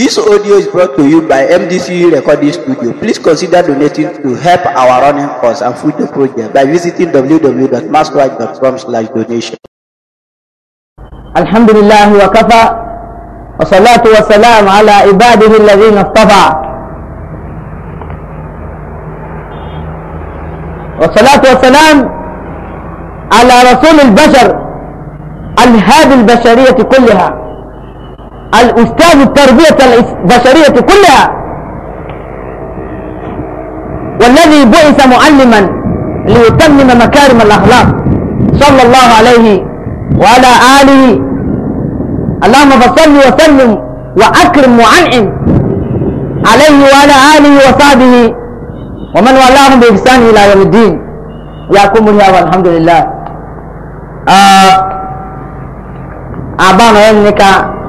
This audio is brought to you by MDC Recording Studio. Please consider donating to help our running costs and food project by visiting www.maskwatch.com slash donation. الحمد لله وكفى والصلاة والسلام على عباده الذين اصطفى والصلاة al على رسول البشر الهادي البشرية كلها الأستاذ التربية البشرية كلها والذي بعث معلما ليتمم مكارم الأخلاق صلى الله عليه وعلى آله اللهم فصل وسلم وأكرم وأنعم عليه وعلى آله وصحبه ومن والاهم بإحسان إلى يوم الدين يا ياكم الله والحمد لله آه أبانا ينكا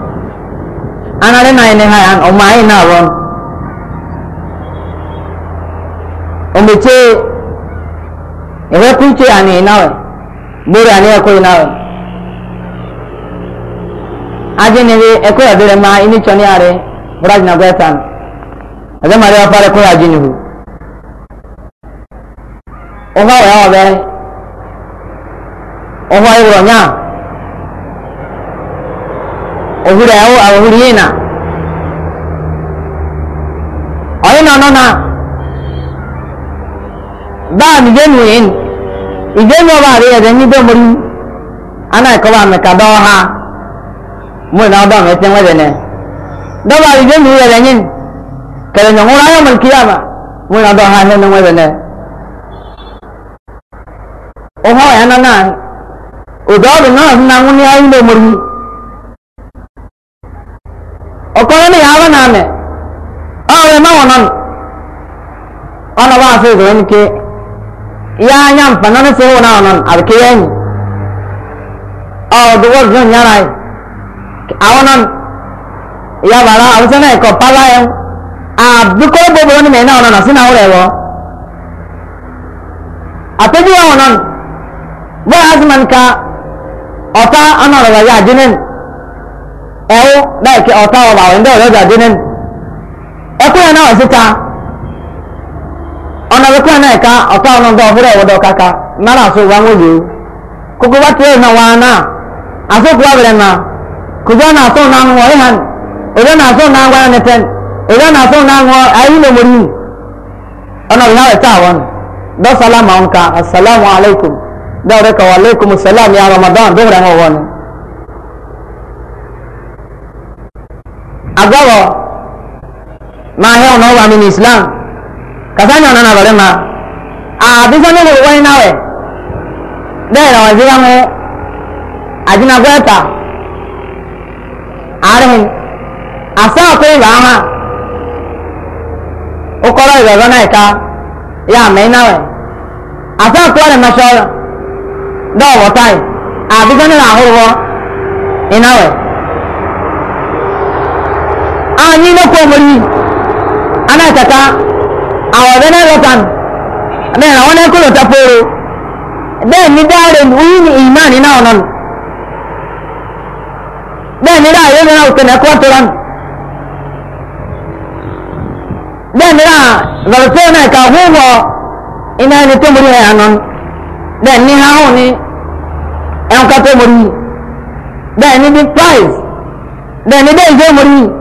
ana le na ene ha o mai na ron o me che e we ku che ani na we bere ani ko na we aje ne e ko ya bere ma ini choni are braj na gwetan aje mari wa pare ko ya jini hu o ha ya wa bere o ha i ro nya ông ohuri awo ahuri ina ọyị nọ nọ na baa nije nu in ije nu ọba ari anh nyi có ana ẹkọba cả dọ ha đó mu na ọdọ mẹsẹ nwẹdẹ nẹ dọba ije nu ẹdẹ nyi kẹlẹ nyọnwụrụ ayọ mẹrẹ kiyama mu na ọdọ ha ẹhẹ nẹ nwẹdẹ nẹ ọhọ ya nọ na ọdọ ọdọ náà nọ na nwụnye ayọ domori. ọkọrọ ni yàrá náà mẹ ọrọ ẹmọ wọn nọ ọnà bá fẹ ìgbọràn ní ké yà á nyà mpa náà ní fẹ wọn náà nọ àbíké yẹn yìí ọdọ wọn dùn yàrá yìí àwọn nọ ìyá bàrà àwọn sẹ́nà ẹ̀kọ́ pálá yẹn àbíkó gbogbo wọn ni mẹ́rin náà nọ sínú àwọn rẹ̀ wọ́ àtẹ́jú wọn nọ bóyá azumani ká ọ̀tá ọ̀nà ọ̀rọ̀ yà á dín ẹwọ dáìkì ọ̀tá ọ̀bà ndị ọzọ ọ̀rẹ́dà dín nínú ẹkún yẹn náà wọ̀ síta ọ̀nà ẹkún yẹn náà ẹ̀ka ọ̀tá ọ̀nà ọ̀dọ̀ ọ̀fẹ́rẹ́ ẹ̀wọ̀dọ̀ kaka náírà sọ wà wọ́n yìí kókó bá tiẹ̀ náà wà náà àsọkù abẹ̀rẹ̀ náà na náà na náà wọ̀ ẹ̀ hàn ẹ̀dọ́ náà sọ na wọ̀ ẹ̀ nìtẹ́n ẹ̀dọ́ náà sọ náà ya ramadan agbawo ma he ono wa min islam kasanya ona na bare ma a bisa ni le wani nawe de na wa jira mu ajina gweta arin asa ko ba ha ukoro ibe na ika ya me nawe asa ko le masho do wo tai a bisa ni la ho wo anyi ah, na komori ana kata awon bene rotan ne na wona ko ta poro de ni dare ni ni imani na onan de ni da yo na utene ko toran de ni da zarto na ka huwa ina ni to muri anon de ni ha ni en ka to muri de ni bi price de ni de je muri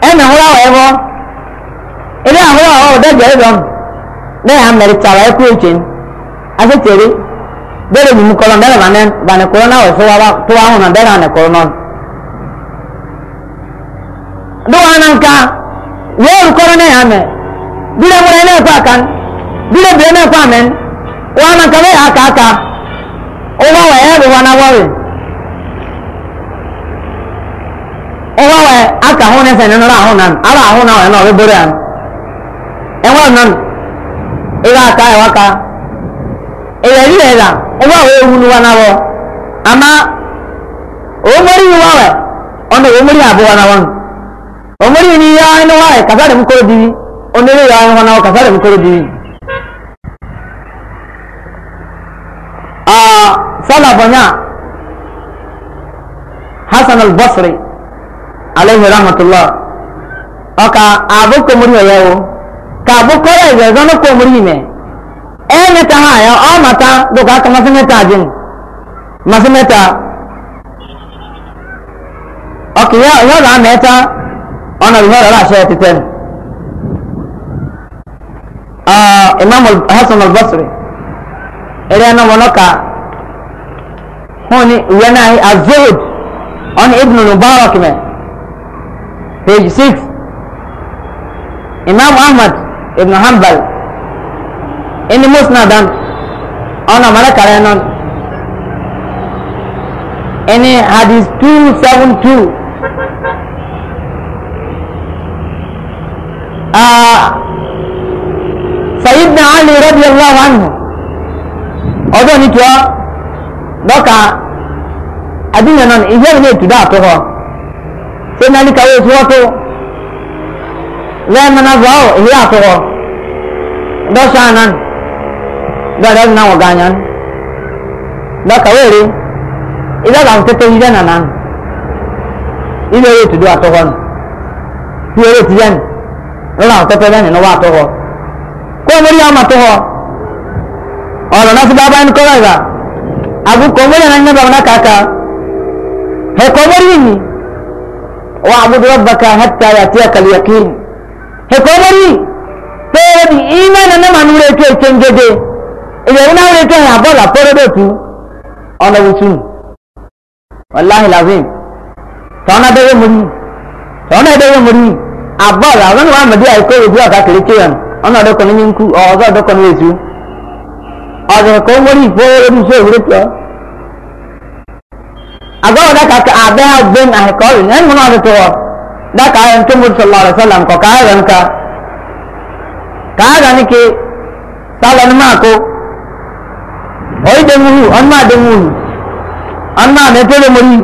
ẹmẹ hụrụ ahụ ẹbọ ebe ahụrụ ahụ ọdọ jere dọm na ya mere tara ekwu eche asị tere bere bụ mkọrọ bere bane bane kọrọ na ọsọ wa tụwa ahụ na bere ane kọrọ nọn dụwa na nka wee rukọrọ na ya mee bire nwere na-ekwe aka bire bire na-ekwe amen wa na nka na ya aka aka ụwa wee ya bụ wa na wọrị ẹwà wẹ aka ahọ́n ẹsẹ̀ nínú ahọ́n nan ara ahọ́n náà ẹ̀ náà ọ̀rẹ́ bọ́rẹ̀ àná ẹwà nan ẹwà aka ẹwà aka ẹ̀yà yìí ẹ̀dà ọwọ́ àwọn ewu ni wọn náwọ àmà òmòrì yìí wà wẹ ọ̀nà òmòrì àbọ̀ wọn náwọ òmòrì ni yà ẹni wà ẹ kàfẹ́ àdìmú kóró bíbí onílé yà ẹni wọn náwọ kàfẹ́ àdìmú kóró bíbí. sọlá bọ̀nyá hasan al-basri. alayhi rahmatullah ọka abụkọ mụrụ ya yawo ka abụkọ ya ya zọnụ kọ mụrụ ime emeta ha ya ọ mata dụka aka masị meta ajin masị meta ọka ya ya ọ na-ameta ọ na ihe ọrịa ahịa etete imam hasan al-basri ere na wọn ka hụ ni uwe na ahị azohod ọ na ibnu mubarak mee page six. imam ahmad ibn hanbal ini musnadan ona mara non. ini hadis 272 ah sayyidina ali radiyallahu anhu ọdọ ni tiwa dọka adinyanan ìyẹn ní ètùdá àtọkọ sai na nika yau wato zai mana zuwa ihe a tsoro da sa nan da rai nan waganyan da kawere idan da mutata nan ile yau tudu a tsohon fiye yau tuyen rana mutata dana na wa tsoho ko muri ya ma tsoho ọ̀rọ̀ náà ti bá báyìí kọ́ra ìgbà àbúkọ̀ mọ́lẹ̀ náà ń yẹ́ bàbá náà kàkà واعبد ربك حتى يأتيك اليقين هكومري تيري إيمان أنا ما نوريك يتنجدي إذا أنا نوريك هابولا فردوتو أنا وسون والله العظيم فأنا دوي مري فأنا دوي مري أبولا أنا ما مدي أيكو يجوا كاكريكيان أنا دوكو نينكو أو أنا دوكو نيزو أنا هكومري فردوتو agbawo daka ka abe ha gbem ahi ka ọrịa ẹni mụna ọdịtụ ọ daka ahụ ntụ mụrụ sọlọ ọrịa sọlọ nkọ ka agha nka ka agha nike sala ni mako oyi dem uhu ọnụ ma dem uhu ọnụ ma na etere mori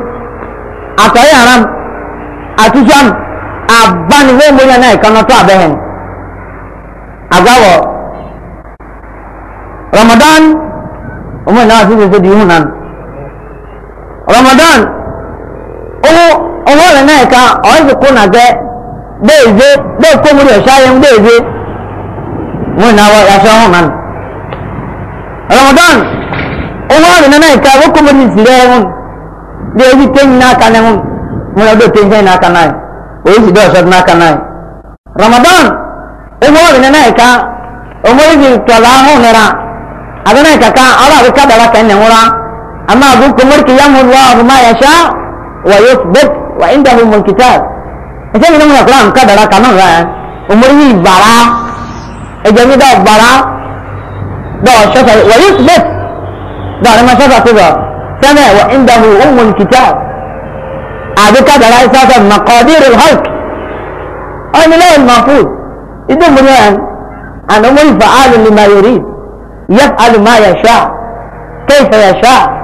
akọrị haram atụsam abani wee mori ya na-eka n'ọtọ abe ha agbawo ramadan ụmụ na-asị sị dị ihu ramadan owó owó rẹ̀ náà ẹ̀ka ọ̀rẹ́ ti kó nàgẹ́ bẹ́ẹ̀ ìgbé bẹ́ẹ̀ kó múlẹ̀ ṣáyé ń bẹ́ẹ̀ ìgbé wọn ìnáwó yàtọ̀ ọ̀hún náà ramadan owó rẹ̀ náà ẹ̀ka owó kó múlẹ̀ ìsìlẹ̀ ẹ̀hún bẹ́ẹ̀ ibi kéyìn náà kan ẹ̀hún múlẹ̀ ọdún kéyìn náà náà kan náà òye sì dẹ́ ọ̀ṣọ́ náà kan náà ramadan owó rẹ̀ náà ẹ̀ka owó rẹ̀ ti tọ̀lá ọ̀hún nira àbẹ́nà ìkàkà ọ̀rọ̀ àbíkà dàrá أما أبوك مرك يمه الله ما يشاء ويثبت وعنده من كتاب إذا لم يقرأ كذا لا كمان غير أمري برا إذا ده برا ده شفا ويثبت ده لما شفا كذا سمع وعنده أم الكتاب هذا كذا لا إساسا مقادير الهلك أنا لا المفروض إذا مريان أنا مري فعال لما يريد يفعل ما يشاء كيف يشاء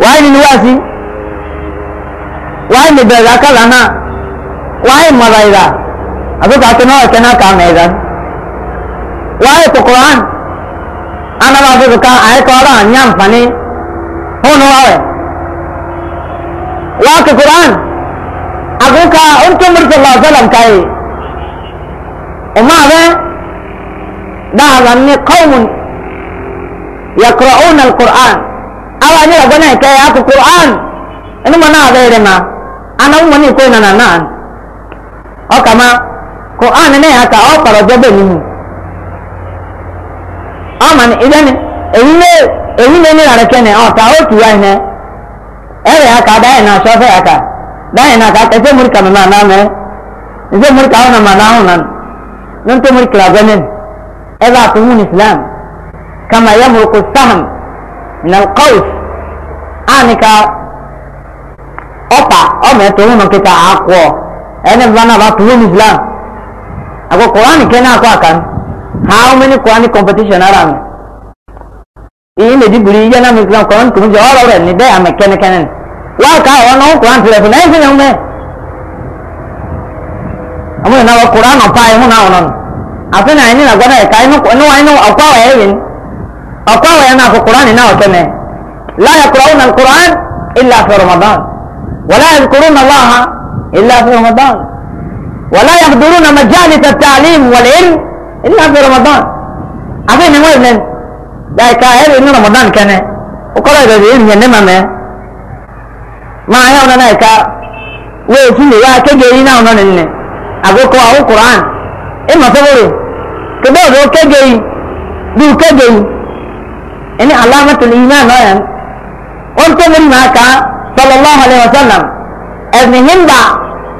wáyé ni wáyé sí wáyé ni bẹ̀rẹ̀ akálà náà wáyé mọ̀ra ìlà àbúkọ àti náà ọ̀tẹ̀ náà kà á mẹ̀ẹ́dá wáyé kòkòrò hàn anaba bíbi ká àyíkọ́ ọ̀rọ̀ àní àǹfààní hóun wáwẹ̀ wáyé kòkòrò hàn àbúkọ ọ̀ntúnmùrì sọ̀rọ̀ ọ̀sọ̀lọ̀ nkáyé ọmọ àbẹ dáhàlà ní kọ́ọ̀mù yẹ kúrọ̀ ọ̀nà kùrọ̀ hàn. awa ni rago na ikaya aku Quran enu mana ada ere ma ana mu ni ko na na na o kama Quran ne aka o paro jobe ni aman idan eyi ne eyi ne ni ara kene o ta o tuwa ne ere aka da na so fe aka da na ka te se murka na na me ze murka na ma na na nan to murka la gane eba tu mun islam kama yamruku saham من القوس آنكا أبا أبا تقولون كتا أقوى أنا بنا بطلون إسلام أقول قرآن كنا أقوى كان how many Quran competition are am إيه ندي بري جانا مثلا قرآن كم جواب أوره ندي أم كنا كنا لا كا وانا قرآن في لفنا إيش نعمل أمي أنا قرآن أبا أمي أنا أنا أفنى أني نقول أنا كاينو كاينو أقوى أيه أقوى أنا في القرآن إنه كمان لا يقرؤون القرآن إلا في رمضان ولا يذكرون الله إلا في رمضان ولا يحضرون مجالس التعليم والعلم إلا في رمضان عفين هو ابن ده كاهر إن رمضان كان وقال إذا بيئن ينما ما ما هي أنا كا ويسيني يا كجينا ونن إني أقول قرآن إما صبري كبير كجي دو كجي ini alamatul iman kan untuk maka sallallahu alaihi wasallam ini himba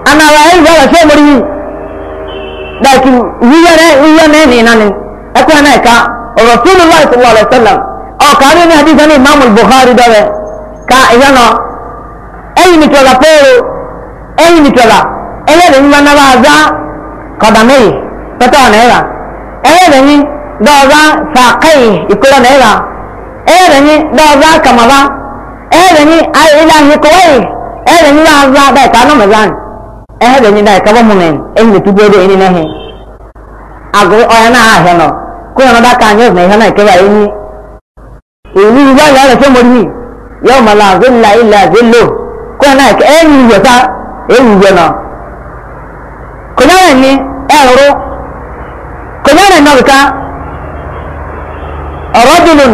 anak lain gak saya beri lakin iya ne iya ne ni nani aku anak ka Rasulullah sallallahu alaihi wasallam oh kali ini hadis ini Imam Bukhari dawe ka iya no eh ni tola poro eh ni tola eh ni mana baza kadamei tata ne ya eh ni dawa sakai ikula ne ya ẹ̀rẹ̀ni dọ́ọ̀bá kàmàbá ẹ̀rẹ̀ni ìlànà kọ̀wáyé ẹ̀rẹ̀ni láàzá dáìka anọ́ mẹ́zán ẹ̀rẹ̀ni dáìka bọ́ mọ́mẹ́ ẹ̀yìn lè túbọ̀ ẹ̀rẹ̀ ẹni nẹ́hìn àgọ́ ọ̀yà náà àhẹ́ nọ kó yẹn dáka ní ọ̀sán ìhẹ́ náà kẹ́wà ẹni èyí ìwé ìyá rẹ̀ fẹ́ mọ́rí yóò mọ̀ láàzílà ilà àzílò kó yẹn náà ẹ̀yìn ìyẹ̀ sá ẹ̀yìn ìyẹ̀ nọ kònyẹ́rẹ̀ ni ẹ̀rọ ọ̀rọ̀ dùnú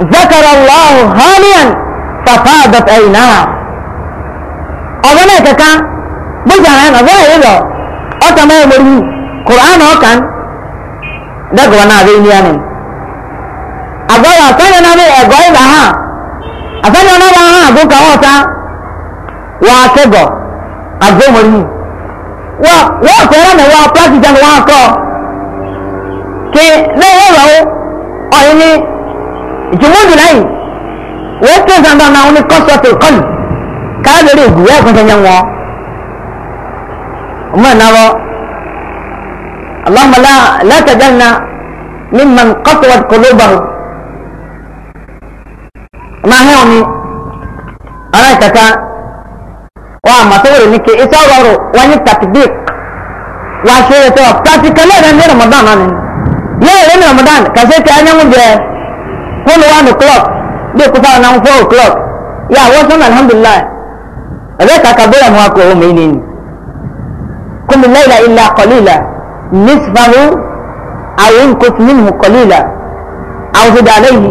ذكر الله هانيا ففاضت عيناه ọ̀rọ̀ náà kẹka bójà rẹ̀ ọ̀rọ̀ ẹ̀ lọ ọ̀tà máa wọlé yìí kùránù ọ̀kan dẹ́gbọ̀n náà rí ní ẹnu àgọ́rọ̀ àfẹ́yẹ náà rí ẹ̀gọ́ ìlà hàn àfẹ́yẹ náà wà hàn àgùnkà ọ̀tá wà á kẹgọ̀ àgbọ̀mọ̀ yìí wọ́n wọ́n kẹ́rẹ́ mi wọ́n pàṣẹ jẹun ìjùmọ̀dù láyìn wọ́n tẹ̀ sábà máa ń ní kọ́sọ̀tò kọ́lù káàdìrí ìgù wọ́n kọ́ sẹ́yìn wọn. ọmọ ìnáwó اللهم لا لا تجعلنا ممن قسوت قلوبه ما هوني أراك تا وما تقول لك إسرار وين التطبيق وشيء تو practically رمضان أنا لا رمضان كذا كأنه مجرد fóònù one o'clock bí kúfà náà four o'clock yà wọ́n sọ́nà alhamdulilayi ẹ̀rẹ́ kàkà bóyá mu akọ̀ ọ̀hún mi nìyí kúmi lẹ́yìn ilà kọ̀lílà nísìfàhù àwọn nkófin nínú kọ̀lílà àwọn fìdá lẹ́yìn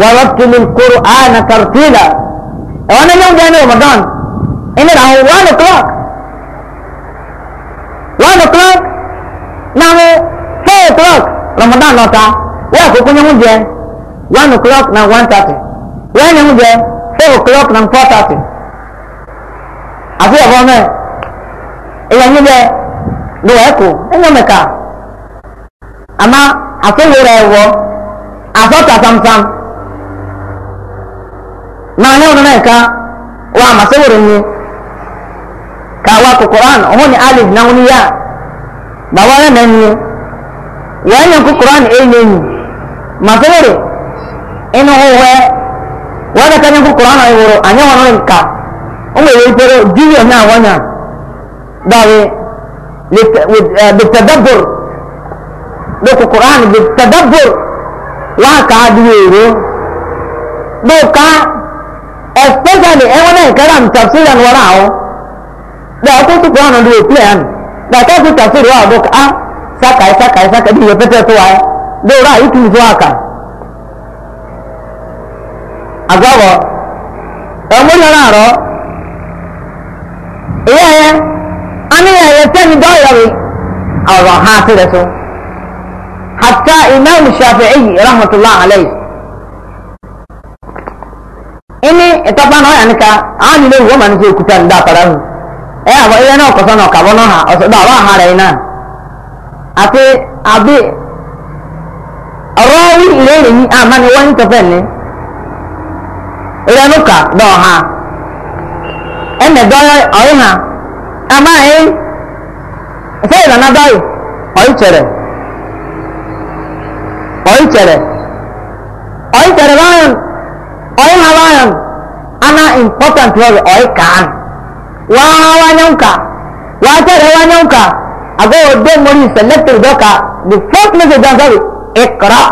wàrà tìlú kóró àánà tàrtìlà ẹ̀wọ́n náà yóò jẹ́ ramadan ẹni rà hàn one o'clock one o'clock náà four o'clock ramadan náà ta wọ́n àkókò yẹn mú jẹ́. one o'clock na one thirty wẹ́ẹ̀ni ń four o'clock na four thirty àti ọ̀bọ mẹ́ẹ̀ èèyàn yín jẹ ló ẹ̀kọ́ ẹ̀yàn mẹ́ka àmọ́ àtúwò rẹ̀ wọ àtọ́ta samsam náà ní ọdún náà ká wà àmàṣẹ́wò rẹ̀ yín ka wà kòkòrò àná òun ni alif ma ní yá na enyi inu huwe wala kanya ku qur'ana iworo anya wana nka umwe yipero jiwe nya wanya dawe bitadabbur uh, do ku qur'an bitadabbur wa ka diwero do ka especially e eh, wana karam tafsiran warao da ko ku qur'ana do plan da ka ku tafsir wa do ka sakai sakai sakai diwe pete to wa do ra itu zuaka agwagwo ẹ̀wọ̀n yọrọ àrọ ìyá yẹn aníyàn yẹn sẹ́ni dọ́yọ̀rì ọ̀rọ̀ ha sílẹ̀ so hatta imam shafi'i rahmatullah alayhi ini ìtọ́pá náà yàn ká àwọn ilé ìwọ́n mà ní sí òkúta ní dàpàdà hù ẹ àwọn ilé náà kọ̀sọ́ náà kàbọ̀ náà ọ̀sọ̀dọ̀ àwọn àhàrà àti àbí ọ̀rọ̀ yìí àmà ni wọ́n ń ni. renuka dɔ ha ɛnɛ dɔyɔ ɔyi ha ama yi sɛyi nana dɔyi ɔyi kyerɛ ɔyi kyerɛ ɔyi kyerɛ bayan ɔyi ha bayan ana important wɔri ɔyi kaa waa wanyɔnka waa kyerɛ wanyɔnka ago o den mori selected dɔ ka the first message dan sɔri ikra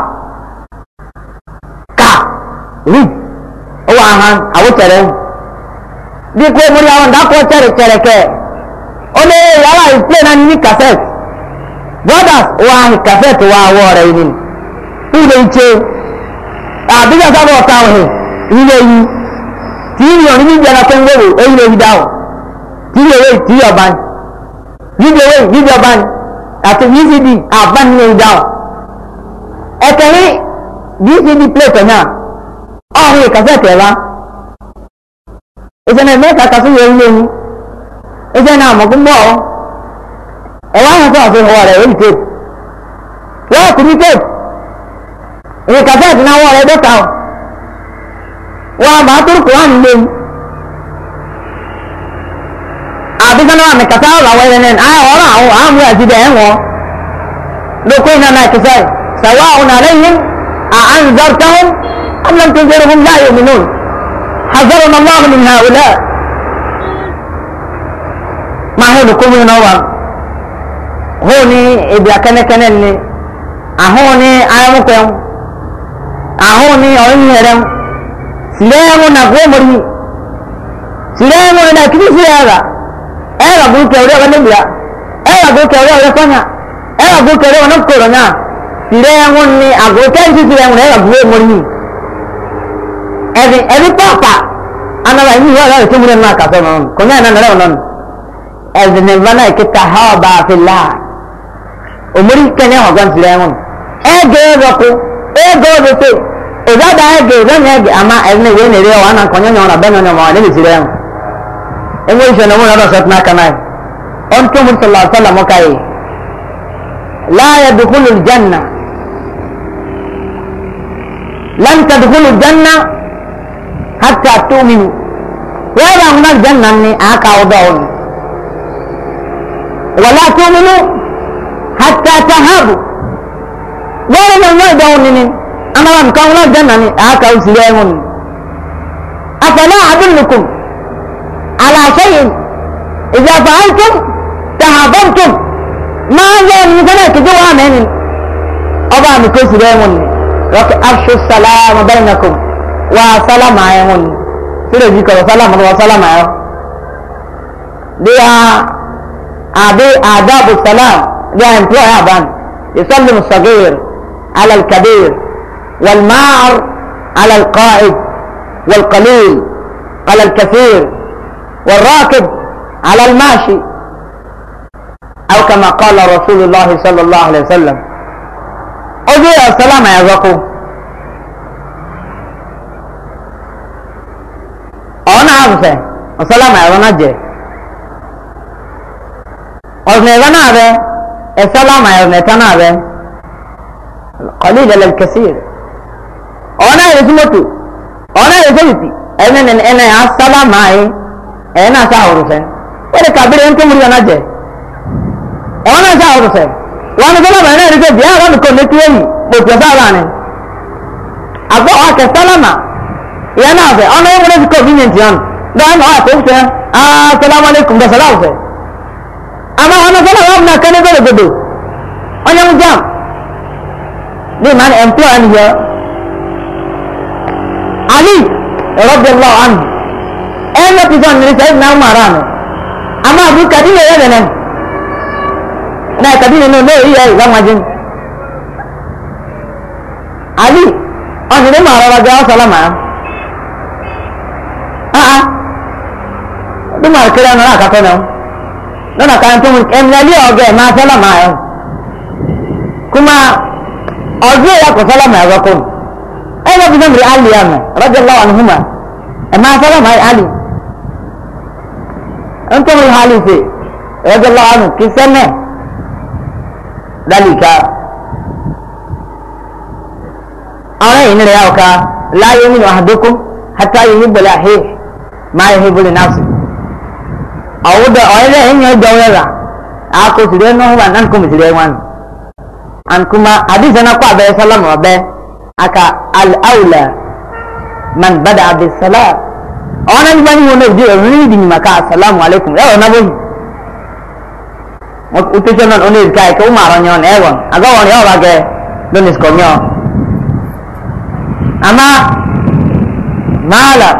ka read ọwọ ahan awotẹrẹ bí kò mórí àwọn dákọ tẹrẹ tẹrẹ kẹ ọlẹ yàrá ìpè náà ní cassette brothers wà hì cassette wà wọ ọrẹ yìí ní ilé ìtse àbíjà sábà ọ̀tá ọ̀hìn ilé yìí tí ìrìn òní ní ìjẹun akẹ́ ńlẹ́wò eyín lè yí dáhùn tí ìrìn òwe tí ìrìn ọba ní ìrìn òwe ní ìrìn ọba àti vcd àbá ní ìrìn dáhùn ẹ̀kẹ́ ní vcd plate náà. ọhụrụ kaseti e na ìjọba ẹgbẹ́ kakasu yẹ ń lóyún ìjọba náà mọ̀kún bọ̀ ọ́ ahụ yẹn fún àfihàn wọ̀ rẹ̀ èyí tape wọ́n kù ní na èyí kaseti náà wọ̀ rẹ̀ dọ́ta ọ́ wọ́n àbá turuku ahụ ní lóyún àbíkọ́ náà na ahụ na أم لم تنذرهم لا يؤمنون حذرنا الله من هؤلاء ما هي بكم نوع هوني إذا كان كنني أهوني أيامكم أهوني أيهرم سلامنا قومري سلامنا كنيسة هذا أنا بقول كوريا ونبيا أنا بقول كوريا ونفنا أنا بقول كوريا ونفكرنا سلامنا أقول كان سلامنا أنا بقول مريم ẹbí ẹbí pọ́ọ̀pà anáwó ẹni yóò lọ́rọ̀ tó múlẹ̀ máa kàtọ́ nínú kò náà nàá lọ́rọ̀ nínú ẹ̀sìn ní bá náà kíkà ha ọba àfilà òmùrí kẹ́ni ẹ̀wọ̀n gan tìrẹ̀ ẹ̀wọ̀n ẹ̀gẹ́ ẹ̀rọ̀kú ẹ̀gẹ́ ọ̀dọ̀tẹ̀ ìbádà ẹ̀gẹ́ ìbẹ́ni ẹ̀gẹ́ àmà ẹ̀sìn ìwé nìrí ẹ̀wọ̀n àná kọ́ nyọ́nyọ́ ọ̀nà bẹ́ẹ̀ nyọ́nyọ́ ọ̀nà tìrẹ̀ ẹ̀wọ̀n ẹ̀wọ̀n ìṣẹ̀ ní wọn lọ́dọ̀ sọ́tún náà kanáà ọ̀n tó mun sọ̀lá sọ́lá mọ́ká yìí láàyè dùkúlù jẹ́nà lẹ́ńtà dùkúlù jẹ́nà hatta tuminu wala hunak jannan ni aka odon wala tuminu hatta tahabu wala man wa dawni ni ana wan kan wala jannan ni aka usile hun afala adullukum ala shay'in idza fa'altum tahabantum ma za ni kana ki jawa menin oba mi ko sire hun ni wa abshu salama bainakum wa salama ya hun sire ji karo salama wa salama ya they are adi adab salam they employ aban يسلم الصغير على الكبير والمار على القائد والقليل على الكثير والراكب على الماشي أو كما قال رسول الله صلى الله عليه وسلم أجي السلام يا زقو se ọsọlá mà ẹ̀rọ náà jẹ ọ̀sùn ẹ̀rọ náà bẹ ẹ̀sọ́lá mà ẹ̀rọ nẹ̀ta náà bẹ kọ́lí ìdẹ̀lẹ̀ kẹsí rẹ̀ ọ̀nà ẹ̀rọ símọ́tò ọ̀nà ẹ̀rọ sẹ́yìtì ẹ̀rọ nẹ̀ ẹ̀nà yà sọ́lá mà ẹ̀ ẹ̀rọ náà sá ọ̀rọ̀ sẹ́ ó lè kàbírí ntó múri ọ̀nà jẹ ọ̀nà náà sá ọ̀rọ̀ sẹ́ wọn sọ́lá mà ẹ̀rọ sẹ́yìtì ẹ̀ wọn kò létí ẹ̀yìn kò tó sáà ní àgbọ̀ ọ̀kẹ́ sọ́lá mà ìyẹn náà fẹ́ ọ̀nà ẹ̀rọ sẹ́yìtì kò dan a ko ah, se assalamu alaikum da salam se ama ana sala wa na kane go godo onya mu jam ni man employ an here ali radiyallahu anhu en ti zon ni sai na marano ama bi kadine ya ne na kadine no ne iya ga majin ali on ne marara ga salama máa kéré ẹnu náà kakọ́ náà lọ́nà kan tó ẹ̀mìnà ilé ọ̀gá ẹ̀ máa sọ́lọ́mà ẹ̀ kuma ọdún ẹ̀yà kò sọ́lọ́mà ẹ̀rọ kọ́ ẹ̀ lọ́ fi sọ́mìrì alì àmì rọ́jò lọ́wọ́ ní húmà ẹ̀ máa sọ́lọ́mà alì ń tó mi hali ṣe rọ́jò lọ́wọ́ ní kì í sẹ́mẹ̀ dálìka ọ̀rẹ́ yìí ni rẹ̀ yà ọ̀ka láyé nínú àdókò hátà yìí ní bọ̀lá hẹ́ẹ̀ máa yẹ hẹ́ẹ̀ bọ̀lá náà sí. ọwụda ọyịda enyo jọwera akụsiri enu hụba na nkumisiri enwan an kuma hadisi na kwa bai salam wa bai aka al'aula man bada abin salam a wani ba ni wani biyu rin din maka assalamu alaikum yawa na bai utushe nan onye kai ka umaran yawan ewan aga wani yawa ga donis komyo Ama malam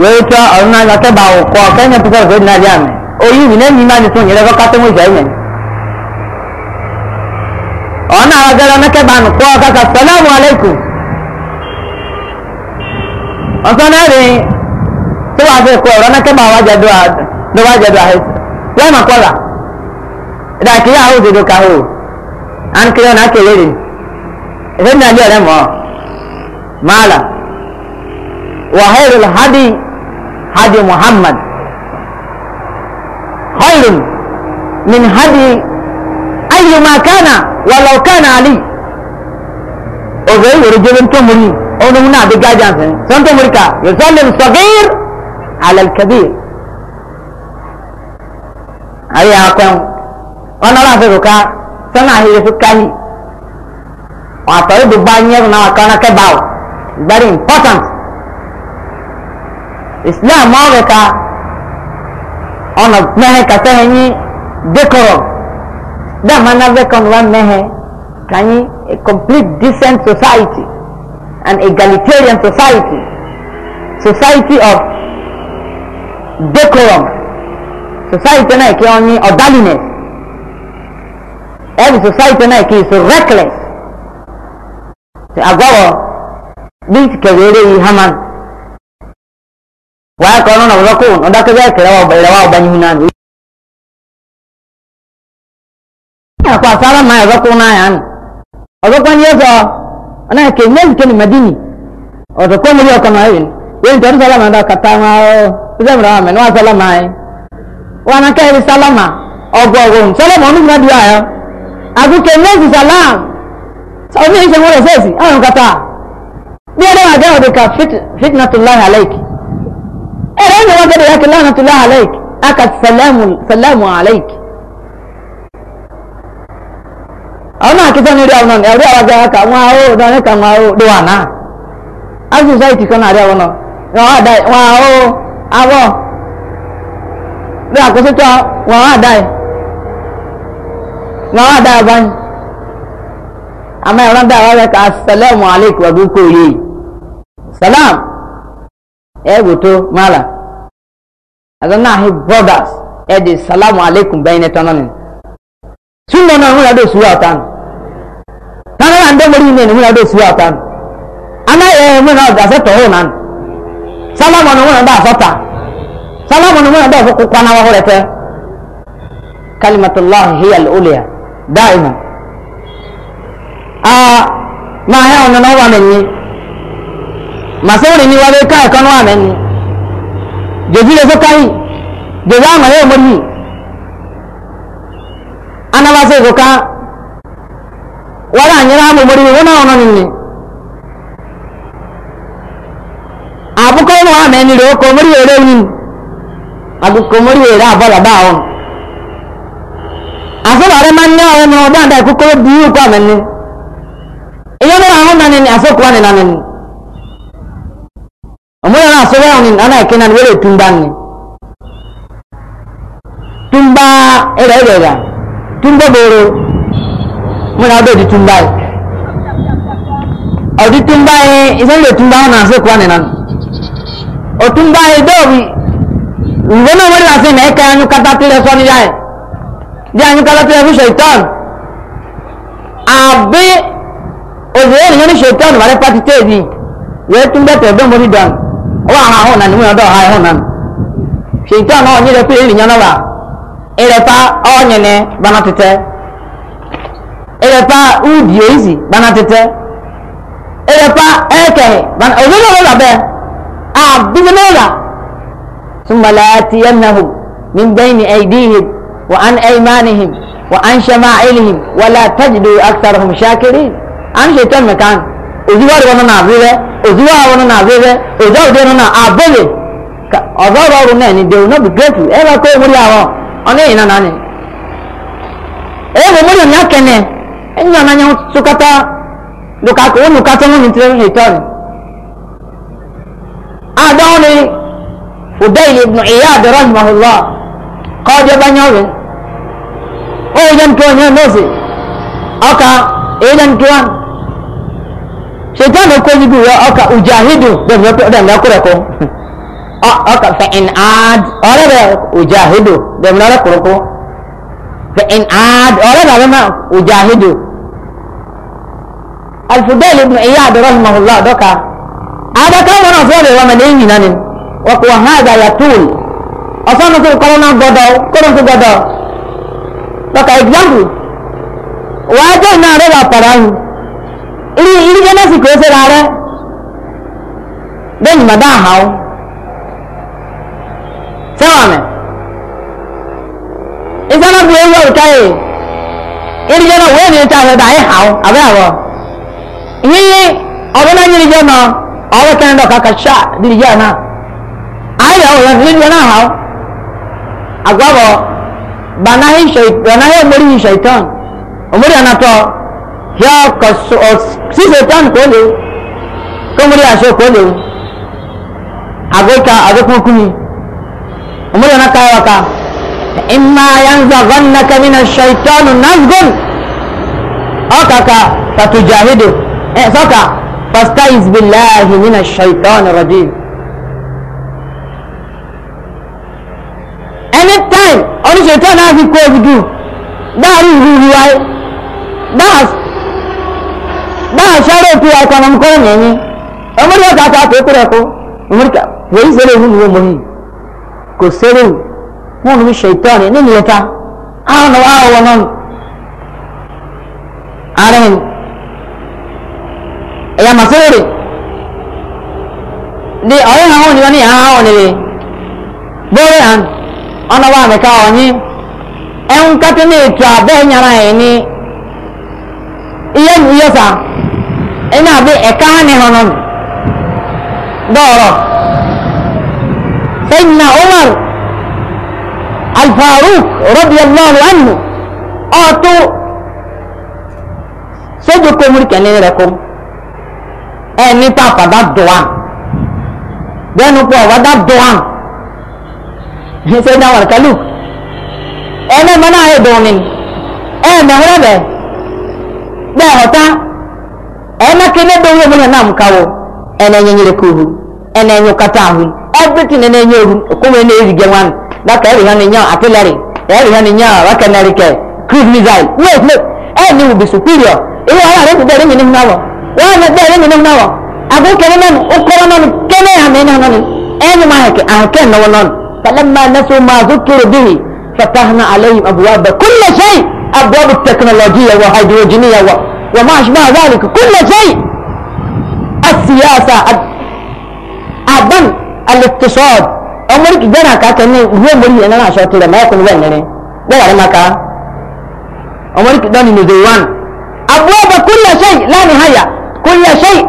wee chọọ ọdịnala keba akwụkwọ ka enye pụta ọzọ ọdịnala amị oyi ibi na-enyi ime anyị tụ nyere ego ọ na-agagara na keba anụ kwụọ ọka ka salamu alaikum ọsọ na-eri tụwa afọ ịkụ ọrụ na keba awa ahụ wee ma ịda ihe ka ahụ na adị maala هدي محمد خير من هدي أي ما كان ولو كان علي أزاي رجل تمري أو نمنا بجاجة سنت أمريكا يصلي الصغير على الكبير أي أقوم وأنا لا أفكر سنة هي سكاني وأطيب بانير ناكانا كباو very important islam ọrẹ ka ọna mẹhẹ kata hẹ nyi dekoro dama na bẹ kan wa mẹhẹ ka nyi a complete decent society an egalitarian society society of decorum society náà kí wọn ní orderliness every society náà kí so reckless àgọ́wọ̀ bí kẹ̀wé eré hamani. wakono na bakun odaka zake lawa lawa banyunan ya kwa sala ma bakuna yan odakon yeso ana ke mezi ke madini odakon muri okama yin yin tar salama da katama zem ra men wa salama ai wana ke bi salama ogo ogo salama onu na dia ya agu ke mezi salam so mi se mo sesi an kata dia da ma ga odaka fit fitnatullah alayki ẹ̀rọ ìwọ̀n gẹ́gẹ́ yàtọ̀ lánàá tó láhà lẹ́yìn aka aka wọn ahó ọ̀dọ́ ka wọn ọ̀dọ́ wà kan náà rí àwọn àdáyé àdáyé báyìí àmọ́ ẹ̀rọ egoto mala azana he brothers e de salamu alaikum bayne tononin sunna na hula do suwa tan tan ran de mori ne hula do suwa tan ana e mo na da se to ho nan salamu no mo na da sota salamu no mo na da ko kana wa hore te kalimatullah hiya al-ulya daima ah ma ya onno no wa menni masori ni wale kai kanu amen ni jeji le so kai jeja ma ye mori ana ba se ko ka wala anyira mo mori wona ona ni ni abu ko mo amen ni ro ko mori ere ni abu ko mori ere abala ba on aso are man ni awon mo ba nda ko ko bi ko amen ni iyo na ahun na ni asoko ni na ni wa ni nana kina ni wele tumba ni tumba ele ele ya tumba boro mo na di tumba e o di tumba e isan le tumba na se kwa ni nan o tumba e do bi ìwé náà wọ́n lásìkò ní ẹ̀ka kata tilẹ̀ sọ níyà ẹ̀ bí kata tilẹ̀ fún ṣèitán àbí òṣèré ènìyàn ní ṣèitán wàlẹ́ pátítẹ́ẹ̀dì pati tún bẹ́tẹ̀ bẹ́ẹ̀ mọ́ ní dànù wa ha ho nan mu do ha ho nan shaitan ho ni da pe ni nyana ba ele pa o ni ne bana tete ele pa u di ozi bana tete ele pa eke bana o ni lo la be a bi ni la thumma la yatiyannahum min bayni aydihim wa an aymanihim wa an shama'ilihim wa la tajidu aktharahum shakirin an shaitan mekan ozuwari wọn na abirẹ ozuwari wọn na abirẹ ozuwari wọn na abẹlẹ ọzọ ọrụ náà ni they will not be grateful ẹ bá kó omori àwọn ọ̀nà èyí náà ni. ẹ bọ omori ọ̀nà kẹnẹ ẹ ní ọ̀nà yẹn sọkata lukako wọn lukata wọn nke shaitan ko ji biyo aka ujahidu da zato da na kura ko aka fa in ad ore da ujahidu da na kura ko fa in ad ore da na ujahidu al-fudail ibn iyad rahimahullah doka ada kan wana fole wa man yin nanin wa kuwa hada yatul asana ko corona godo corona ko godo doka example wa je na re la parahu iri iri jẹ́ mẹ́sì kò ṣe ra rẹ bẹ́ẹ̀ ni màdá àhà ó sẹ́wọ̀n mi ìsọ́nà bí ewé òkè yìí iri jẹ́ náà wọ́n ní ìta àfẹ́dá ẹ̀ hà ó àbẹ́ àwọ̀ yíyí ọ̀bẹ náà yìí jẹ́ náà ọ̀bẹ kẹ́ńdọ̀ kàkà ṣá ìdílé jẹ́ náà ayé ọ̀rọ̀ ní ìdílé náà hà ó àgbàbọ̀ bànáhìn ṣèitán òmùrí ànátọ́ yọ ọkọ̀ ṣíṣe tán kò lè tó múlí àṣọ kò lè àgókà àgókùnkùn ni òmúlò náà ká wọ́ka ìmá yánzà gọ́nà kẹ́mínà ṣàìtọ́nù nasgọ́n ọkàkà tàtùjáhídò ẹ sọ́kà pàṣẹ ìsbìláhì nínà ṣàìtọ́nù rọ̀dín anytime oníṣètò náà fi kó ojú dáàrí ìrú ìrú wáyé dáàsì báà sọ́rọ̀ òkú ọkọ̀nàmùkọ́ nìyí ọmọdé ọ̀tá ta tó kúrẹ̀ kó ọmọdé wèyí sẹ́rẹ̀ òhun ni ọmọ yìí kò sẹ́rẹ̀ wọn ni ṣe ìtọ́ ni nínú ìyẹta àwọn ọ̀wọ́ àwọn náà ààrẹ ni ẹ̀yà màsẹ́rẹ̀ ni ọ̀rẹ́ àwọn oníwọ́n ní àwọn onílé bóore hàn ọ̀nà wa àmì ká ọ̀nyí ẹ̀ ń kátínì ètò àbẹ́ nyara ẹ̀ ní. iye mu iye sa ina bi ɛka ne ho no dɔɔrɔ sɛnyina umar alfaruk rɔbiyallahu anhu ɔɔto sojo komori kɛne yɛrɛ ko ɛni papa da doa bɛnu pɔ ɔba da doa sɛnyina wari kalu ɛnɛ mɛ n'a ye dɔɔni ɛɛ mɛ hɛrɛ bɛɛ. gbẹ̀họ̀ta ẹ̀ẹ́mẹ́kẹ́ ní ẹgbẹ́ wíwọ́n náà mú káwọ́ ẹ̀nẹ́yẹ nyere kúrú ẹ̀nẹ́yẹ kata ahun everything ẹ̀nẹ́yẹ oru okòwé ní eri gẹ̀wọ́n bákà ẹ̀rì hàn níyàn artillery ẹ̀rì hàn níyàn rocketnerike cruise missile wait wait ẹ̀ ní wùbí superior ìwé ọ̀rọ̀ àrẹ́sì bẹ́ẹ̀ rẹ́mi nínú náwọ̀ wọ́n mi bẹ́ẹ̀ rẹ́mi nínú náwọ̀ àgùnkẹ́rẹ́ náà okòrò náà kẹ́lẹ́ àmì náà náà ẹ̀yìn máa hẹ̀kẹ́ àhùnkẹ́ فلما نسوا ما ذكروا فتحنا عليهم أبواب كل شيء أبواب التكنولوجية والهيدروجينيه و... وما أشبه ذلك كل شيء السياسة أبن الاقتصاد أمريكا جنا كان هو مريء أنا عشان لما يكون وين يعني ولا يعني على كان أمريكا داني نزوان أبواب كل شيء لا نهاية كل شيء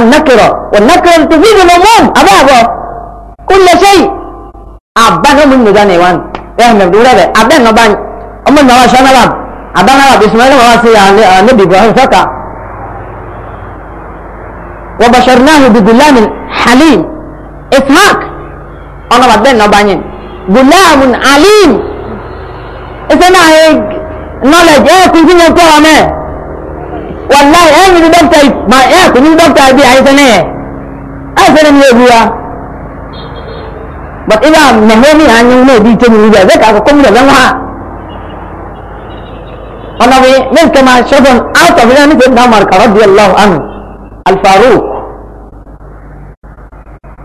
النكرة والنكرة تفيد العموم أبواب كل شيء أبن إيه، من نزوان وان يا هم بدورة أبن نبان ọmọ ìnáwó aṣọ náà àbáná àbí ismail wà sí ànábì ibrahim sọ́kà wọ́n bá ṣọ̀rọ̀ náà níbi gùlámù halim ishaq ọ̀nà bàbẹ́ ìnáwó báyẹn gùlámù halim ife náà ẹ knowledge ẹ kún sí wọn kọ́ ọ mẹ́ wàláì ẹ ní dókítà ẹ kún sí dókítà bí àyíṣẹ́ náà ẹ ṣe ní ní ewu wa but ibà mẹ̀hẹ́ mi à ń yẹn ní ìdí ìtẹ́mi níbi ẹ̀ bẹ́ẹ̀ kà á kọ́ kọ́ mi lọ́wọ́ ha. أنا من كما شبن أعطى بنا نفيد عمر رضي الله عنه الفاروق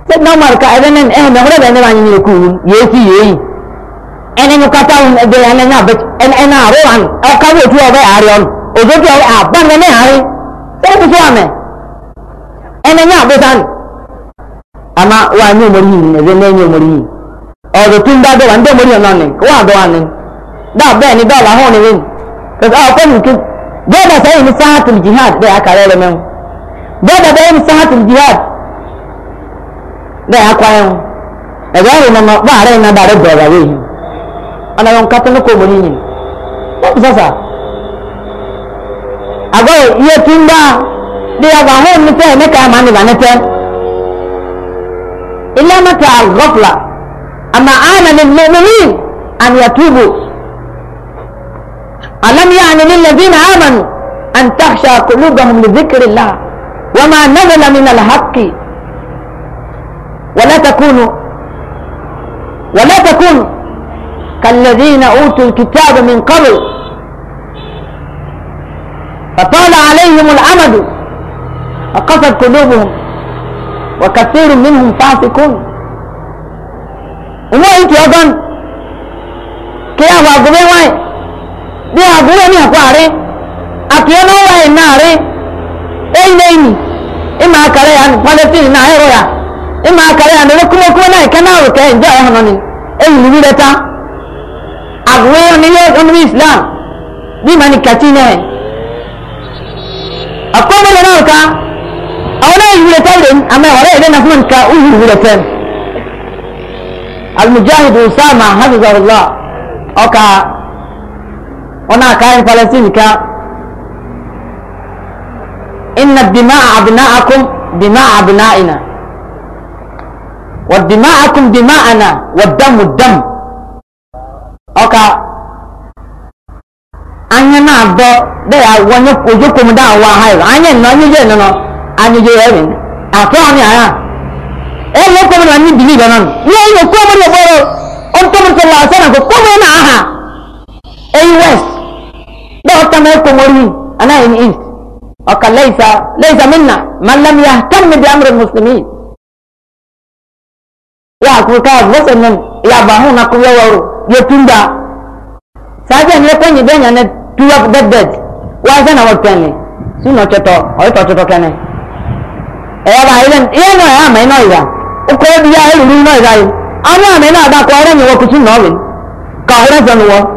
سيدنا عمر كأذن أن أهل نغرى بأن راني يكون يسي يي أنا نكتاون أدري أنا نابت أنا أنا روان أو كابو توا بي عريون وزوتي أو أبان نمي عري سيدنا سوامي أنا نابتان أما وأنا مريين أنا مريين أو ذو تندى دو أندو مريين نانين وأنا دو أنين دا بني دولا هوني وين kaga a kwanin kin dole sai ni sahatul jihad dai aka rere men dole dai ni sahatul jihad dai akwa yan e ga ri mama ba rai na bare da bare yi ana yon katon ko boni ni ko sasa ago ye tinda dai aga hon ni te ne ka mani ba ne te illa mata al-ghafla amma ana lil mu'minin an yatubu ألم يعني للذين آمنوا أن تخشى قلوبهم لذكر الله وما نزل من الحق ولا تكونوا ولا تكونوا كالذين أوتوا الكتاب من قبل فطال عليهم الأمد فقصد قلوبهم وكثير منهم فاسقون وما أنت أظن كيف أقول bí àbúrò ní àpò ààrẹ àpìọ́ náà wà ẹ̀ náà rẹ ẹ̀yìn lẹ́yìn ìmọ̀ àkàrẹ́ yà palestine náà ẹ̀rọ yà ìmọ̀ àkàrẹ́ yà nílé kúmọ́kúmọ́ náà ìkẹ́ náà rò kẹ́ ǹjẹ́ ọ̀hún náà ni ẹ̀yìn ní rírẹ́ ta àbúrò nílé onímọ̀ islam bí ìmọ̀ ní kàtí náà ọ̀pọ̀ mọ́lẹ̀ náà ká àwọn náà ìwúrẹ́ tẹ́ rẹ̀ àmọ́ ọ̀rẹ́ ìdẹ́ náà fún nǹkan òhun ìwúrẹ́ ona kayan palestine ka inna dima'a abna'akum dima'a abna'ina wa dima'akum dima'ana wa damu dam oka anya na abo de ya wonye ojo komu da wa ha anya no anya je no no anya je ebi ato ani ara e le komu na ni believe no ni e yo komu le boro on to mo sallallahu alaihi wasallam ko komu na aha e west dɔɔta mɛ komori ana in east ɔka laisa laisa minna man lam yahtammi bi amri muslimin ya kuka vosa nan ya ba hu na ku ya waro ya tunda saje ne ko ni benya ne tuwa bedbed wa sana wa kene sino choto o to choto kene e ba ile ile no ya mai no ya o ko ya ile no ya ai ana me na da ko ara ni wa kusin no we ka hore zanwo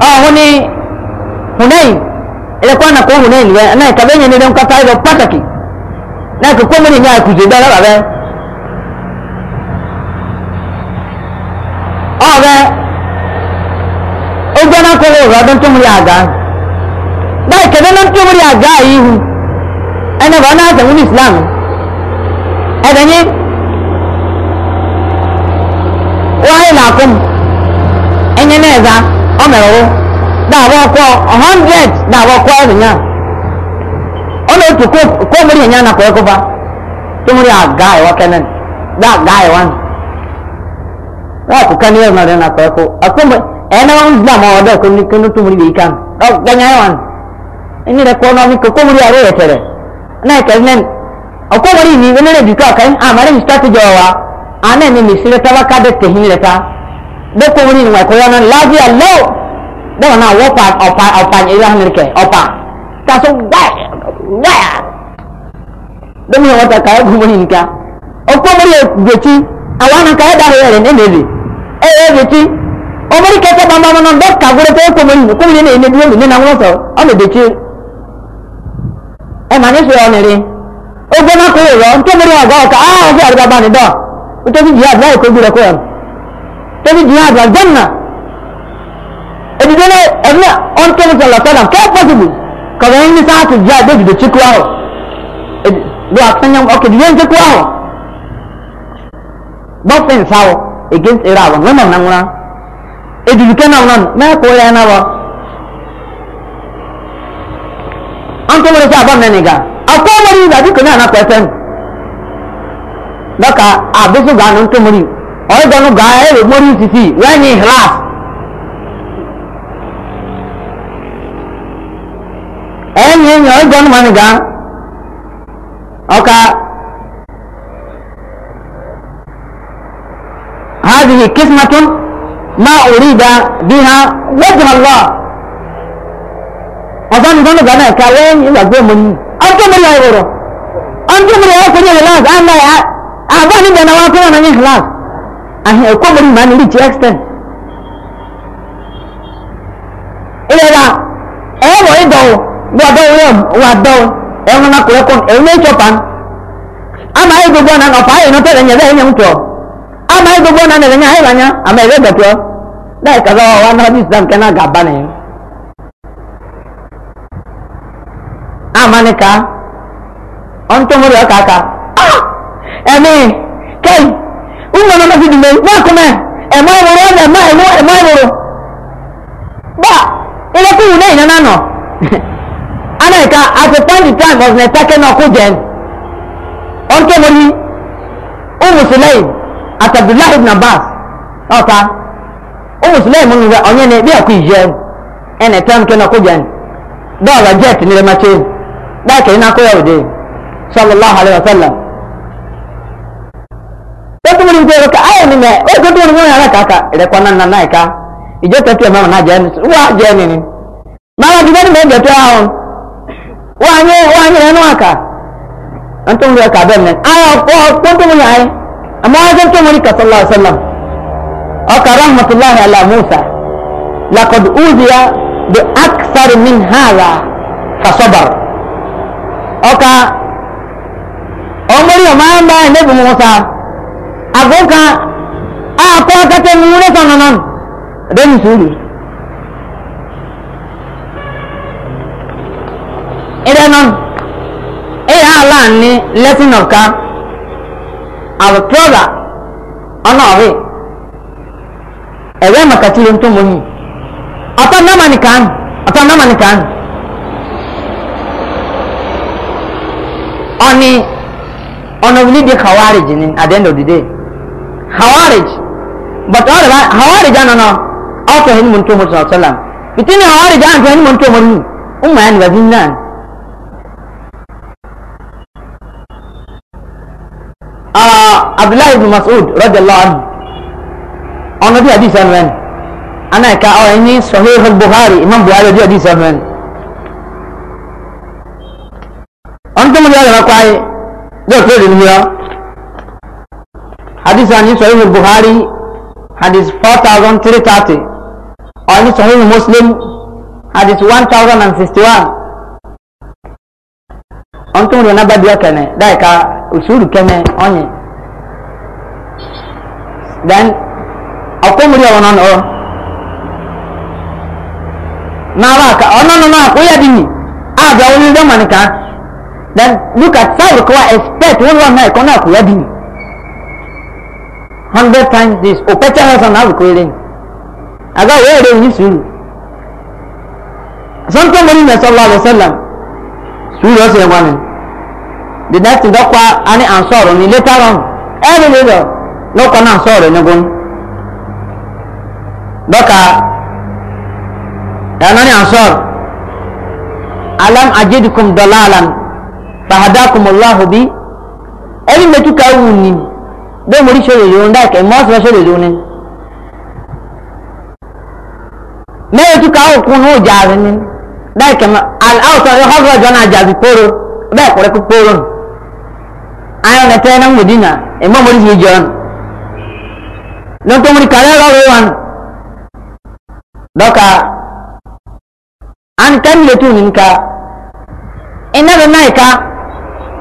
ahuni hunain ile kwa na ko hunain ya na tabenye ni don kata ile pataki na ko ko muni nya kuje dara babe awe o gana ko ro ga don tumuri aga dai ke don tumuri aga ihu ana bana ta un islam adanyi wa ila kum enye na za ọ mere ọrụ dàbọ ọkwọ hundred dàbọ ọkwọ ọ na otu kó omori yẹn yàn nàkọ ẹkọba tó omori àga ẹwà kẹnẹ dá àga ẹwà nù wọn àkókò ní ẹrù nàdẹ nàkọ ẹkọ àkókò ẹnẹ wọn gbà mọ ọdọ ẹkọ nìkan tó omori bèyí kan ọ gbẹnyẹ ya nù ẹni rẹ kọ náà kọ omori ya tẹrẹ nẹ wọn dùkọ mi mi dɔkɔ wuli ni ŋmɛ kɔyɔ na laafiya lɛw dɔkɔ na wɔ pa ɔpa ɔpa nyɛ ila hɛnɛ kɛ ɔpa kaso waya waya dɔkɔ yɛ wɔta kaya kɔ wuli nika ɔkɔ ya yɛ awa na da ebe ne ne bi ɛ yɛ gbɛti ɔmɔri kɛtɛ bamba mɔnɔ ne ne bi wuli ne na wɔn sɔrɔ ɔmɛ gbɛti ɛ ma ne sɔ yɔ nere ogbonna o yɛ yɔ ntɔmɔri yɛ gɔ ka aa ɔfi na. tẹ́lí jihad aljanna ẹ̀dìdẹ́lẹ̀ ẹ̀dìdẹ́ ọ̀ntẹ́lẹ̀ sọ̀rọ̀ sọ̀rọ̀ kẹ́ pọ́sibù kọ̀wé ní sáàtì jihad débi dè chikú ahọ̀ ẹ̀dì àtẹnyẹ ọkẹ̀ dìde ní chikú ahọ̀ bọ́sẹ̀ nsáwọ̀ against era àwọn wọ́n mọ̀ náwó ẹ̀dìdìkẹ́ náà wọn mẹ́kọ̀ọ́ yẹn náà wọ. ọ̀ntẹ́lẹ̀ sọ̀rọ̀ àbọ̀ mẹ́nìgà àkọ́wé ní ìdájú kìnìún àná pẹ̀sẹ̀ nù dọ́kà àbísùgbà ní ntòmùrì ọ̀dọ́nu ga ẹ̀rọ mórí títí wẹ́ẹ̀ni ìhlas. ẹ̀yìn ẹ̀yìn ọ̀dọ́nu mọ́ni ga ọ̀ka هذه قسمة ما أريد بها وجه الله أظن أظن أنا كلام إذا قومني أنتم اللي يقولوا أنتم اللي يقولوا إخلاص أنا أظن أنا واقف أنا إخلاص ahin ẹ̀kọ́ mọ́ni màá ní reach extent. ìrẹ̀lá ẹ̀rọ ìdọ̀wọ̀ wà dọ̀wọ̀ yẹn wà dọ̀wọ̀ ẹ̀rọ náà kọ̀ọ̀rọ̀ kọ̀ ẹ̀rọ náà ìjọba ní. ama ayi gbogbo ọ̀nà ọ̀fà ayé nọ́tọ̀ ẹ̀rẹ̀ ẹ̀rẹ̀ ẹ̀yẹ̀ ńtọ̀ ama ayi gbogbo ọ̀nà ẹ̀rẹ̀ ẹ̀yẹ̀ ẹ̀yẹ̀ ama ẹ̀rẹ̀ gbẹ̀tọ̀ láì kàdá wa wọn náà bí islam kẹ́ náà gà bá nìyẹn. ama ni ká ọ̀ntúnmúrì ọ̀kàkà ẹ̀mí kẹ́yìn ma na mafi dumbe ba kuma e ma woro e ma e ma e ma woro ba ile ku ne ina na no ana ka at the point in time was na take na ku jen on ke mori umu sulaim at abdullah ibn abbas ota umu sulaim mun ga onye ne bi aku jen ene tam ke na ku jen dọ́ọ̀lá jẹ́ẹ̀tì nílẹ̀ máa ṣe báyìí kẹ́yìn náà kó yà òde sallallahu alayhi wa tẹ́tùmùrù ń gbèrò ká ayé ni mẹ́ ó tẹ́tùmùrù ń yàrá kàkà ìrẹ́kọ́ náà nà náà ká ìjọ tẹ́tù ẹ̀ máa jẹ́ ẹni wá jẹ́ ẹni ni. màmá ti bẹ́ẹ̀ ni mẹ́jọ tó àwọn wọ́n á yẹ wọ́n á yẹ ẹnu àkà ntùmùrù ẹ̀ka bẹ́ẹ̀ mẹ́ ayé ọ̀pọ̀ tẹ́tùmùrù ayé àmọ́ wọ́n tẹ́tùmùrù kàtàlá ọ̀sẹ̀lá ọkà rahmatulahi ala musa lakọ̀dù uziya bi aksari min hara fasobar ọkà ọmọdé ọmọ ayé ń bá ẹ̀ agoka akọ kata nwure sọnọ nọ dị nsúlù ịdị nọ ịyà ala ni lesson of ka abụ trọza ọnụ ọhị ẹwẹ maka tiri ntọmọ yi ọtọ nnọọma nìka ahụ ọtọ nnọọma nìka ahụ ọnị ọnọbili dị kawari jini at the end of the day. خوارج بتاع خوارج انا اوت هند من تومر صلى الله عليه وسلم خوارج انا هند من تومر ام يعني وزننا آه، عبد بن مسعود رضي الله عنه انا دي حديث انا من. انا كا او اني صحيح البخاري امام بخاري دي حديث انا من. انتم اللي قالوا كاي ده كده hadith ani sahih buhari hadith four thousand three thirty ọ̀ni sahih muslim hadith one thousand and sixty one ọ̀ntún rẹ̀ nábàdí ọ̀kẹ́nẹ̀ dáìka òṣùrù kẹ́nẹ̀ ọ̀nyẹ̀ then ọ̀kọ́mùrí ọ̀wọ̀n ọ̀nà ọ̀ n'ara aka ọ̀nọ́nọ́ náà kó yẹ di mi àbẹ̀ ọ̀wọ́n ní dẹ́mọ̀ nìkan then look at sáà rẹ̀ expect wọ́n wà náà ẹ̀kọ́ náà kó yẹ di hundred times this òpẹ́tẹ́ ẹ̀sán náà kò lè ní àgbà ìwé èrè yìí sùúrù sọ́ńtò Sallallahu Alaihi Wasallam. lọ́wọ́ sẹ́lẹ̀m sùúrù ọ̀sẹ̀ the next thing dọ́kọ̀ ani à ni later on ẹ̀rì mi lọ lọ́kọ̀ náà sọ̀rọ̀ ni gbọ́n dọ́kà ẹ̀rọ nani ansor. ń sọ̀rọ̀ alam ajidukum dọ́là alam Allah bi ẹni mẹ́tùkà wù ni. do muri shole yo nda ke mos wa shole yo ne me tu ka o kunu ja ne da ke al auto yo ha wa jona ja bi poro da ko re ku poro ayo na te na mudina e mo muri ni jon no to muri kala ra wan doka an kan le tu ninka ina be mai ka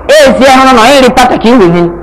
e si ya hono no e ri pata ki wi ni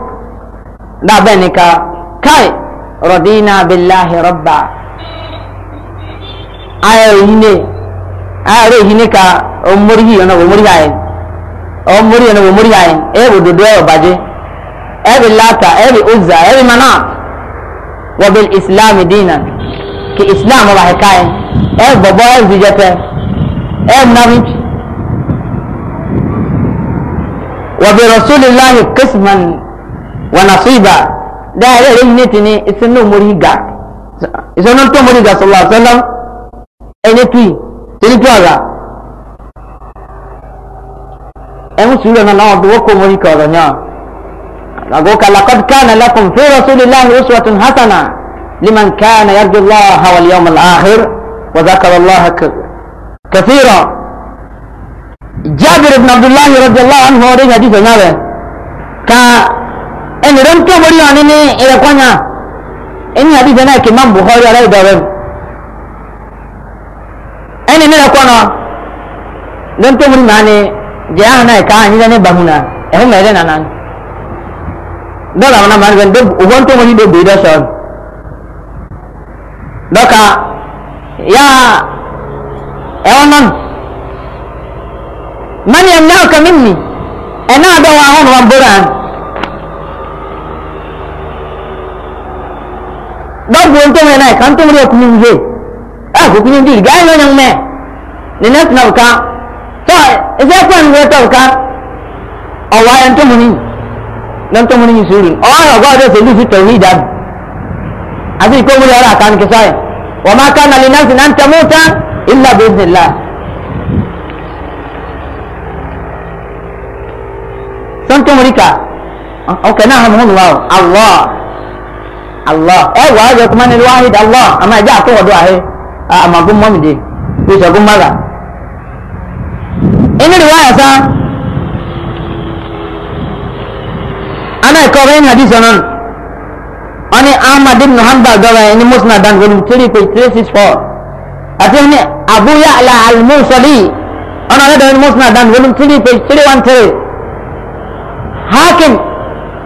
da bane ka kai radina billahi rabba ayo yine ayo yine ka o murhi yana o murhi ayin o murhi yana o murhi ayin e bu dodo e baje e bi lata e bi uzza e bi manat wa bil islam dinan ki islam wa hikayen e bobo e zijete e nabi وبرسول الله قسما ونصيبا دا يرين نتني اسنو مريغا اسنو تو مريغا صلى الله عليه وسلم اني تي تي تواغا اهو سورة نلاو نعم، دوكو مريكا غنيا لقوك نعم. لقد كان لكم في رسول الله أسوة حسنة لمن كان يرجو الله واليوم الآخر وذكر الله كثيرا جابر بن عبد الله رضي الله عنه ورد حديث نابه نعم. ẹni rẹ ń tó mọ́rí wọn ní ìrẹ́kọ́nyà ẹni àdìsẹ́ náà kì máa ń buhari ọ̀rẹ́ ìdọ̀rẹ́ ẹni ní ìrẹ́kọ́nà rẹ ń tó mọ́rí màá ní jẹ́ àwọn náà ká àyíjẹ́ ní bàmúnà ẹ̀hún mẹ́rẹ́ nàná dọ́là àwọn àmàlẹ́ rẹ̀ òwò ń tó mọ́rí dé bèèrè sọ dọ́kà yá ẹ̀wọ̀n náà mani ẹ̀ náà kàmí mi ẹ̀ náà dọ́wọ́ àwọn ọ̀nà wọn bóra dɔbu n tó mɛ náà kan tó mɛ náà kúmi wúlò ɛ kò kúmi wúlò gáyé ló nyɛn mɛ nínú sinna ká tó ɛsɛ kó ɛnu wúlò tó ká ɔwá yẹn tó mu ní yẹn tó mu ní sùúrù ɔwá yẹn ɔgá ɔdẹ sèlú fi tẹ̀wé ìdá bi àti ìkó wúlò yàrá kan kí sáyẹn wọ́n máa ká nàlẹ́ náà sinna tẹ̀ mọ́ta ilà bẹ́ẹ̀ sì là. sọ́ńtò mọ́ríkà ọ̀kẹ́ náà hàn mọ́ Allah ẹ wà á yọkùnmá ní wáhíd Allah àmà ẹjẹ àkọwọdọ àhẹ àmàgún mọmìdì ìṣẹgún mọlá. inú ìwà ẹ̀sá ana ẹ̀kọ́ ọ̀rẹ́ ní hadith ọ̀nà wọn ni ahmad ibn hanbal dọ́ra ẹni musna dan volume three page three six four àti ẹni abu ya'la al-mursali ọ̀nà ọ̀rẹ́ dọ́ra ẹni musna dan volume three page three one three hakim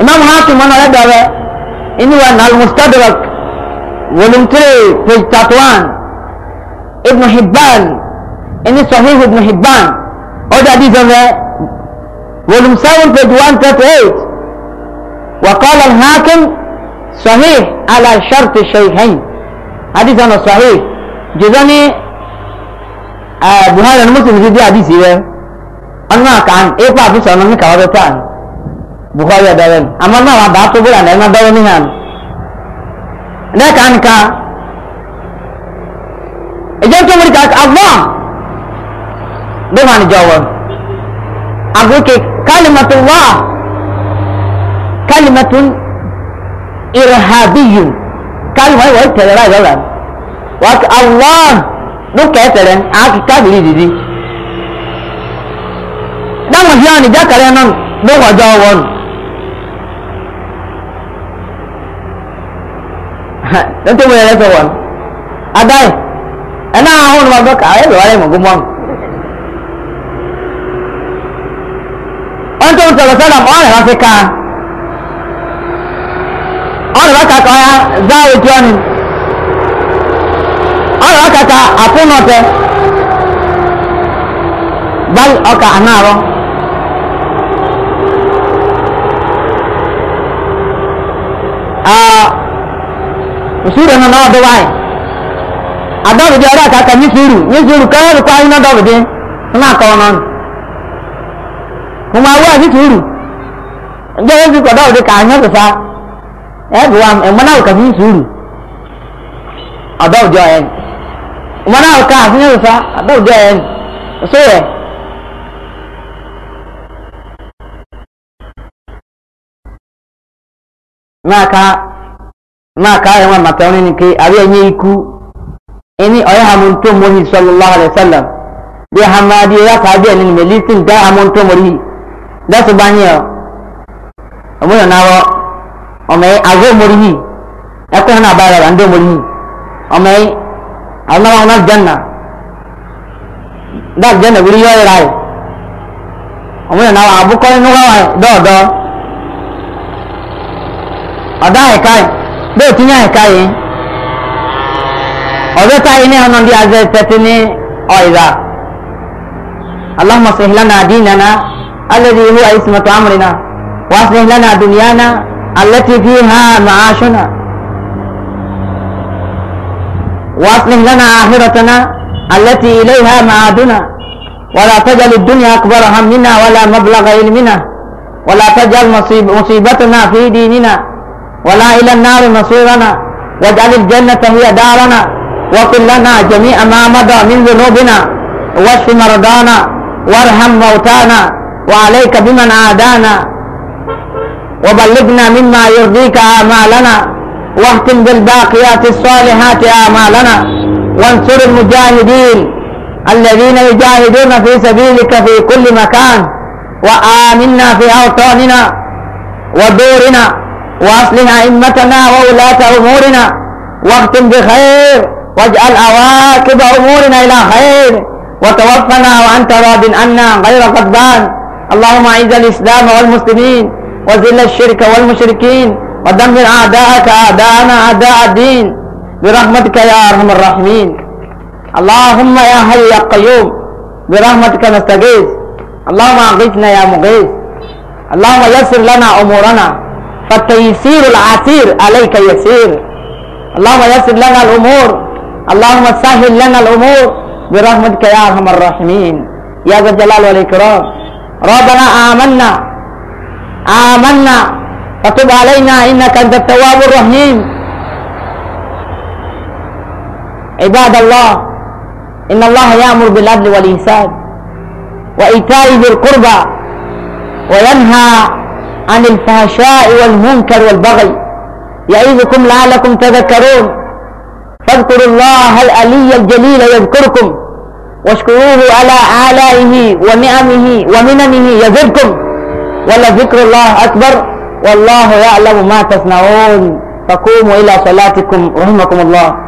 imam hakim ọ̀nà ọ̀rẹ́ dọ́ra. عنوان المستدرك volume في page 31 ابن حبان إني صحيح ابن حبان أدى دي زمان volume في دوان 138 وقال الحاكم صحيح على شرط الشيخين حديث أنا صحيح جزاني آه بهذا المسلم جدي حديثي إيه؟ أنا كان إيه بعرف أنا مكاوبة تاني buhari ọdọrẹ ni àmọ náà wà bàá tó bóra náà ẹ má dọrọ níhàn lẹ́ẹ̀ka nìka ìjọ Allah. múri jawab. àgbọ̀ ke wọn ah, ni jọwọ àgùkè kálímàtú wà kálímàtú ìrìhàbíyù kálímàtú wà tẹ̀lé láì lọ́la wà á àwọ̀ lókè tẹ̀lé àákì kábìrì dìdí dáhùn sí àwọn ìjà don ta mai rasa wani a dai ana ahun ma doka ai da wani mugun wani on to to sala ma ala fika on ba ka ka za o ti on on ba ka ka apuno te bal o ka anaro sura na nawa dawa adabu je ara ka ni suru ni suru ka ru kwa ina dabu je na ka wonon kuma wa ni suru je ni ko dabu ka anya ko sa e bu am e mana ka ni suru adabu je en mana ka ni ko sa adabu je en so ye na ka maka ahịa nwa maka onye nke abịa nye iku ini ọya ha mu nto sallallahu alaihi wasallam bi ha ya ka abịa ni me listing da ha mu nto da su banye o omo na ro o me ago mori hi e ko na ba ra ndo mori hi o me Allah wa na janna da janna buri yo ra o na wa abu ko ni wa do do ada kai bẹ́ẹ̀ tí yàn ká yẹn ọ̀dọ́ táyé ní ọ̀nà bí azẹ́ tẹ́tí ní ọ̀ìdá allahumma sahih lana dinana alladhi huwa ismatu amrina wa sahih lana dunyana allati fiha ma'ashuna wa sahih lana akhiratana allati ilayha ma'aduna ولا تجعل الدنيا أكبر همنا ولا مبلغ علمنا ولا تجعل مصيب مصيبتنا في ديننا ولا إلى النار مصيرنا واجعل الجنة هي دارنا وقل لنا جميع ما مضى من ذنوبنا واشف مرضانا وارحم موتانا وعليك بمن عادانا وبلغنا مما يرضيك آمالنا واختم بالباقيات الصالحات آمالنا وانصر المجاهدين الذين يجاهدون في سبيلك في كل مكان وآمنا في أوطاننا ودورنا وأصلح أئمتنا وولاة أمورنا واختم بخير واجعل عواقب أمورنا إلى خير وتوفنا وأنت راض عنا غير غضبان اللهم أعز الإسلام والمسلمين وذل الشرك والمشركين ودمر أعداءك أعداءنا أعداء الدين برحمتك يا أرحم الراحمين اللهم يا حي يا قيوم برحمتك نستغيث اللهم أغثنا يا مغيث اللهم يسر لنا أمورنا فالتيسير العسير عليك يسير اللهم يسر لنا الأمور اللهم سهل لنا الأمور برحمتك يا أرحم الراحمين يا ذا الجلال والإكرام ربنا آمنا آمنا فتب علينا إنك أنت التواب الرحيم عباد الله إن الله يأمر بالعدل والانساب وإيتاء ذي القربى وينهى عن الفحشاء والمنكر والبغي يعيذكم لعلكم تذكرون فاذكروا الله الألي الجليل يذكركم واشكروه على آلائه ونعمه ومننه يزدكم ولذكر الله أكبر والله يعلم ما تصنعون فقوموا إلى صلاتكم رحمكم الله